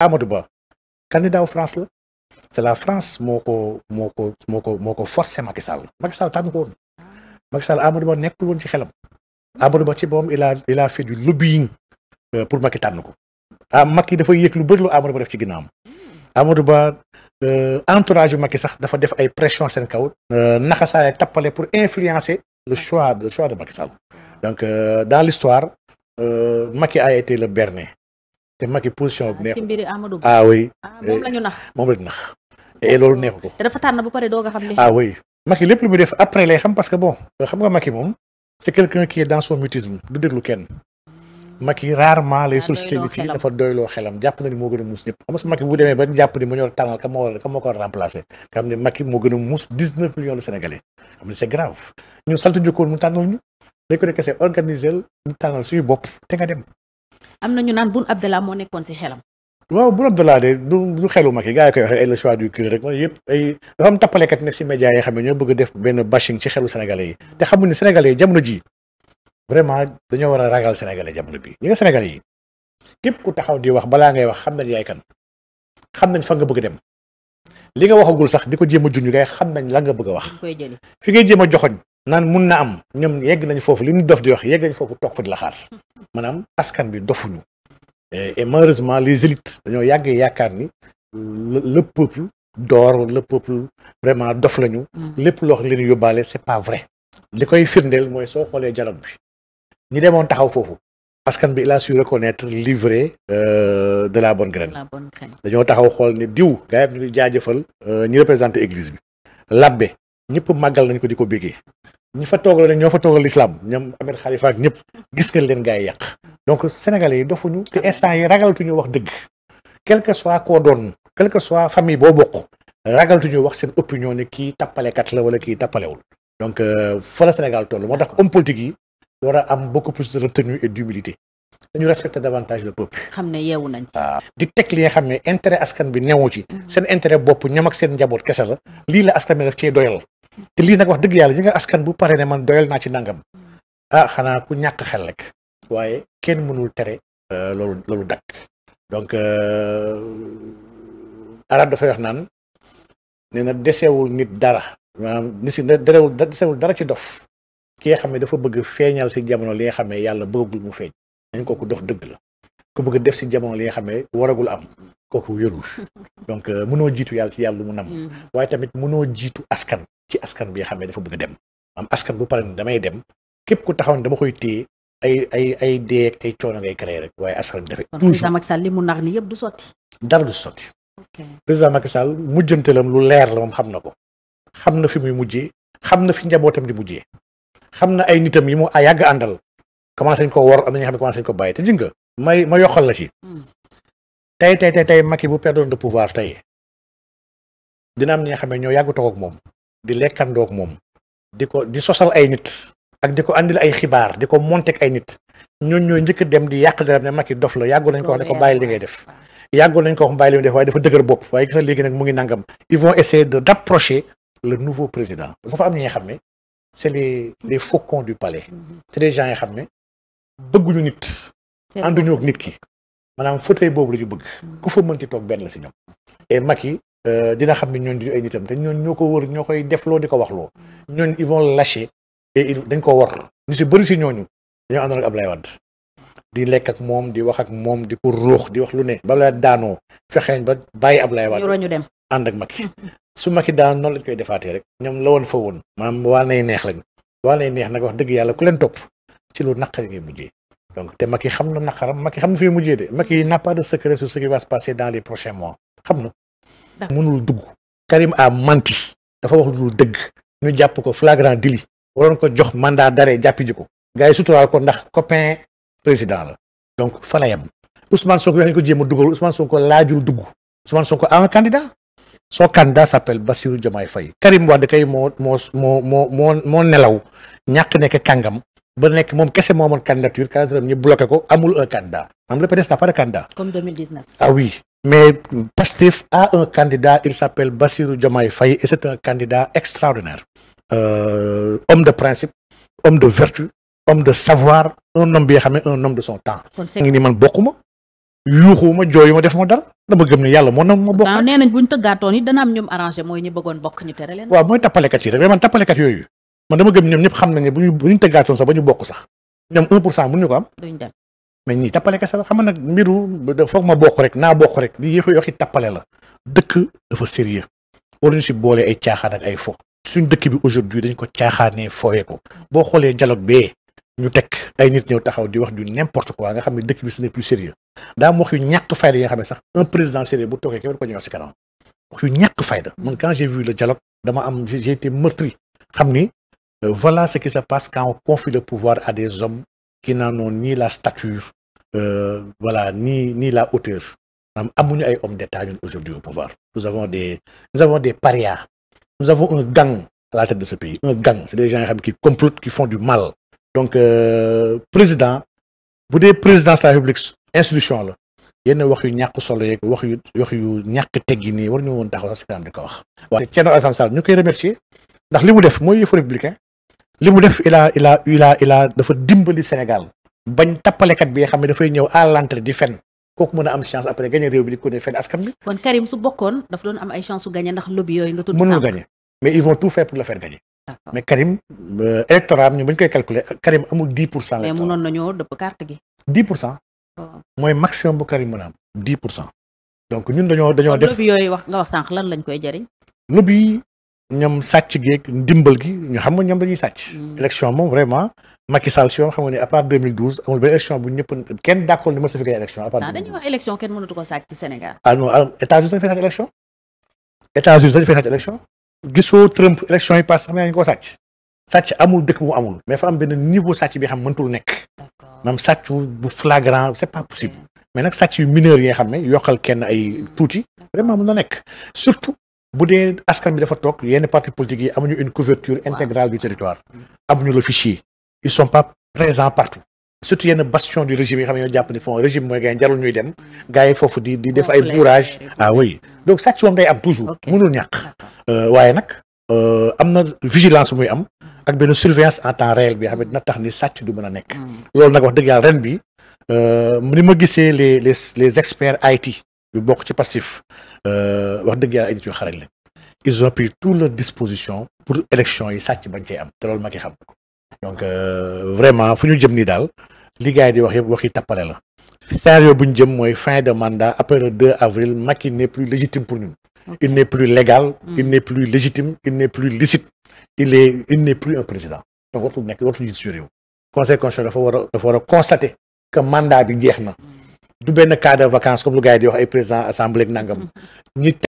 Amadou Ba candidat wu France la c'est la France moo ko moo ko moo ko moo ko forcé Macky Sall Macky Sall tànn ko woon Macky Sall Ba nekkul woon ci xelam Amadou Ba ci boppam il fait du lobbying euh, pour Macky tànn ko ah Macky dafa yëg lu bëri lu def ci ginnaawam Amadou Ba euh, entourage yu Macky sax dafa def ay pression seen kaw euh, naxasaay tappale pour influencer le choix le choix de Macky donc dans l'histoire Macky a été le berné te Macky position bi neexul ci mbiri Amadou Ba ah oui. Ah, moom la nax eh, moom la nax et eh, loolu neexu ko. dafa tànn bu paree doog a xam ne. ah oui lépp lu muy def après lay xam parce que bon xam nga Macky moom c' est quelqu'un qui est kenn. Macky rarement lay ah, sollicité nit yi dafa doyloo xelam jàpp na ni moo gën a muus ñëpp xam nga bu demee ba jàpp ni mu ñor tànnal ka moo ko war a nga xam ne Macky moo gën a muus dix neuf millions de sénégalais xam ne c' grave ñun saltu njëkkoon mu tànnal ñu dañ ko ne kese organiser mu tànnal suñu te nga dem am na ñu naan Boun Abdallah moo nekkoon si xelam. waaw Boun Abdallah de du du xelu Macky gars yi koy waxee ay le choix du cœur rek man yëpp ay dafa am tappalekat ne si média yi xam ne ñoo bëgg def benn bashing ci xelu sénégalais yi te xamuñ ne sénégalais yi jamono ji vraiment dañoo war a ragal sénégalais jamono bi ñi nga sénégalais yi képp ku taxaw di wax balaa ngay wax xam nañ yaay kan xam nañ fa nga bëgg dem li nga waxagul sax di ko jéem a junj gay xam nañ la nga bëgg a wax fi ngay jéem a joxoñ naan mun na am ñoom yegg nañu foofu li ñu dof di wax yegg nañ foofu toog fa di la xaar maanaam askan bi dofuñu et malheureusement les élites dañoo yàgg yaakaar ni le peuple d'or le peuple vraiment dof lañu. Mm-hmm. lépp loo xam li yóbbaale c'est pas vrai. li koy firndeel mooy soo xoolee dialogue bi ñi demoon taxaw foofu askan bi il a su reconnaître l'ivraie euh, de la bonne graine. dañoo taxaw xool ne diw. gars yi ñu ngi jaajëfal euh, ñi représenté église bi. labbe ñëpp maggal nañ ko di ko béggee ñu fa toogal ne ñoo fa toogal lislaam ñoom Ahmed Khalifa ak ñëpp gis nga leen gaa yi yàq donc sénégalais yi dofuñu te instant yi ragaltuñu wax dëgg quel que soit koo doon quel que soit famille boo bokk ragaltuñu wax seen opinion ne kii tappalekat la wala kii tappalewul donc euh, fa la Sénégal toll moo tax homme politique yi war a am beaucoup plus de retenue et d'humilité dañu respecter davantage le peuple. xam ne yeewu nañ. Ah. di teg li nga xam ne intérêt askan bi newu ci. Mm-hmm. seen intérêt bopp ñoom ak seen njaboot kese lii la askan bi te lii nag wax dëgg yàlla ji nga askan bu pare ne man doyal naa ci nangam ah xanaa ku ñàkk xel rek waaye kenn mënul tere euh, loolu loolu dakk donc euh, arab dafay wax naan nee na desewul nit dara maanaam ni si derewul desewul dara ci dof ki nga xam ne dafa bëgg feeñal si jamono li nga xam ne yàlla bëggul mu feeñ dañ kooku dof dëgg la ku bëgg def ci jamono li nga xam ne waragul am kooku wérul donc euh, mënoo jiitu yàlla ci yàlla mu nam mm-hmm. waaye tamit mënoo jiitu askan ci askan bi nga xam ne dafa bëgg dem am askan bu pare damay dem képp ku taxaw ne dama koy téye ay ay ay dee ay coono ngay créé rek waaye askan bi dafa toujours président Macky Sall li mu nax ni yëpp du sotti dara du sotti président Macky Sall mujjanteelam lu leer la moom xam na ko xam na fi muy mujjee xam na fi njabootam di mujjee xam na ay nitam yi mu yàgg àndal commencé ko wor am na ñoo tey tey tey tey Macky bu perdre de pouvoir tey dina am ñi nga xam ne ñoo yàggu toog ak moom di lekkandoo ak moom di ko di sosal ay nit ak di ko indil ay xibaar di ko monter ak ay nit ñooñu ñooy njëkk dem di yàq dara ne Macky dof la yàggu nañ ko wax ne ko bàyyi li ngay def yàggu nañ ko wax bàyyi li ngay def waaye dafa dëgër bopp waaye gis nga léegi nag mu ngi nangam ils vont essayer de d'approcher le nouveau président parce que dafa am ñi nga xam ne c'est les les faucons du palais mm-hmm. c'est des gens yi xam ne bëgguñu nit ànduñu nit ki maanaam fauteuil boobu la ñu bëgg ku fa mënti toog benn la si ñoom et Macky euh, dina xam ne ñooñu duñu ay nitam te ñooñu ñoo ko wër ñoo koy defloo di ko wax loo ñooñ vont lâcher et dañ ko war ñu si bëri si ñooñu dañoo àndoon ak Ablaye Wade di lekk ak moom di wax ak moom di ko ruux di wax lu ne ba la daanoo fexeeñ ba bàyyi Ablaye Wade ñu dem ànd mag Macky su yi daan noonu lañ koy defaatee rek ñoom la woon fa woon maanaam waa nay neex lañ waa nay neex nag wax dëgg yàlla ku leen topp ci lu naqari ngay mujjee donc te Macky xam na naqaram Macky xam na fi mujjee de Macky n'a pas de secret sur ce qui va se passer dans les prochains mois xam na. mënul dugg Karim a manti dafa wax lu dëgg ñu jàpp ko flagrant délit waroon ko jox mandaa dare jàppi ji ko gars yi suturaal ko ndax copain président la donc fa la yem Ousmane Sonko ko jéem a dugal Ousmane Sonko laajul dugg Ousmane Sonko a un candidat son candidat s'appelle Bassirou Diomaye Faye Karim Wade kay moo moo moo moo moo nelaw ñàkk nekk kàngam ba nekk moom kese moo amoon candidature candidature ñu bloqué ko amul un candidat maanaam le PDS n'a pas de ah mais Pastef a un candidat il s'appelle Bassirou Diomaye Faye et c'est un candidat extraordinaire. Euh, homme de principe homme de vertu homme de savoir un homme bi nga un homme de son temps. ngi ni man bokkuma yuuxuma jooyuma def ma dara dama gëm ne yàlla moo na ma bokk. waaw nee nañ bu ñu tëggaatoon it dana am arrangé mooy ñi bëggoon bokk ñu tere leen. waaw mooy tappalekat yi rek mais man tappalekat yooyu man dama gëm ñoom ñëpp xam nañ bu ñu bu ñu tëggaatoon sax ba ñu bokk sax ñoom 1 pour cent mënuñu ko am. duñ dem mais ñii tappale kese la xam nga nag mbiru foog ma bokk rek naa bokk rek li yëfu yoxi tappale la dëkk dafa sérieux waruñu si boole ay caaxaan ay fo suñ dëkk bi aujourd'hui dañ ko caaxaanee fooyee ko boo xoolee dialogue bee ñu teg ay nit ñëw taxaw di wax du n'importe quoi nga xam ne dëkk bi si n'est plus sérieux daa am wax yu ñàkk fayda yi nga xam ne sax un président sérieux bu toogee kenn ko ñëwaat si kanam wax yu ñàkk fayda man quand j'ai vu le dialogue dama am j'ai été meurtri xam ni Euh, voilà ce qui se passe quand on confie le pouvoir à des hommes qui n'en noon ni la stature, euh, voilà, ni, ni la hauteur. Amouni ay hommes d'État aujourd'hui au pouvoir. Nous avons des, nous avons des parias. Nous avons un gang à la tête de ce pays. Un gang, c'est des gens qui complotent, qui font du mal. Donc, euh, président, bu dee président de la République, institution là. yenn wax yu ñàkk solo yeeg wax yu wax yu ñàkk teggi nii war ñu woon tax sax wax. waaye Thierno Alassane koy remercier ndax li mu def mooy yëfu li mu def il a il a a il a dafa dimbali Sénégal bañ tappalekat bi nga xam ne dafay ñëw à l'entrée di fen kooku mën a am chance après gagné réew bi di ko ne fen askan bi. kon Karim su bokkoon dafa doon am ay chance su gagné ndax lobby yooyu pour le faire gagner. mais Karim euh, électorat ñu bañ koy calculer Karim amul 10 pour cent. Oh. am 10 pour cent. donc ñun dañoo dañoo def lobby yooyu wax nga wax sànq lan lañ koy jëriñ. lobby ñoom sàcc geeg ndimbal gi ñu xam nga ñoom dañuy sàcc. Mm. élection moom vraiment Macky Sall si moom xam nga ne à part 2012 amul benn élection bu ñëpp kenn d'accord ni ma sa fi gagné élection. à part 2012 ah, dañuy wax élection sàcc ci Sénégal. Ah, gisoo Trump élection yi passé xam naa ñu koo sàcc sàcc amul dëkk bu amul mais fa am benn niveau sàcc bi xam mëntul nekk. d'accord maanaam sàcc bu flagrant c'est pas possible mais nag sàcc yu mineur yi nga xam ne yokkal kenn ay tuuti vraiment mën na nekk surtout bu dee askan bi dafa toog yenn partis politiques yi amuñu une couverture intégrale du territoire ñu le fichier ils son pas présent partout surtout yenn bastion du régime yi xam ne ñoo jàpp ni fond régime mooy dem gars yi foofu di di def ay bourrage ah oui donc sàcc moom day am toujours mënul ñàkk euh, waaye nag euh, am na vigilance muy am ak benn surveillance en temps réel bi xam ne dina tax ni sàcc du mën a nekk hmm. loolu nag wax dëgg yàlla ren bi euh, ni ma gisee les les les experts IT yu bokk ci passif euh, wax dëgg yàlla ay nit yu xarañ lañ ils ont pris toutes leurs dispositions pour élection yi sàcc bañ cee am te loolu ma ki xam ko donc euh, vraiment fu ñu jëm nii daal li gars yi di wax yëpp waxi tappale la scénario bu ñu jëm mooy fin de mandat après le 2 avril Macky n'est plus légitime pour ñun il n'est plus légal hmm. il n'est plus légitime il n'est plus licite il est il n'est plus un président donc wartul nekk wartul jiit su réew conseil constitutionnel dafa war a dafa war a constater que mandat bi jeex na hmm. du benn cas de comme lu gars yi ay président assemblée nangam mm-hmm.